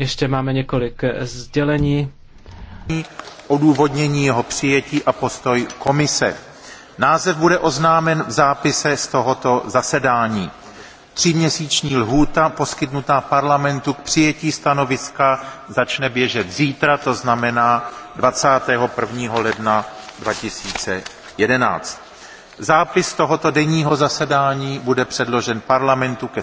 Ještě máme několik sdělení. Odůvodnění jeho přijetí a postoj komise. Název bude oznámen v zápise z tohoto zasedání. Tříměsíční lhůta poskytnutá parlamentu k přijetí stanoviska začne běžet zítra, to znamená 21. ledna 2011. Zápis tohoto denního zasedání bude předložen parlamentu ke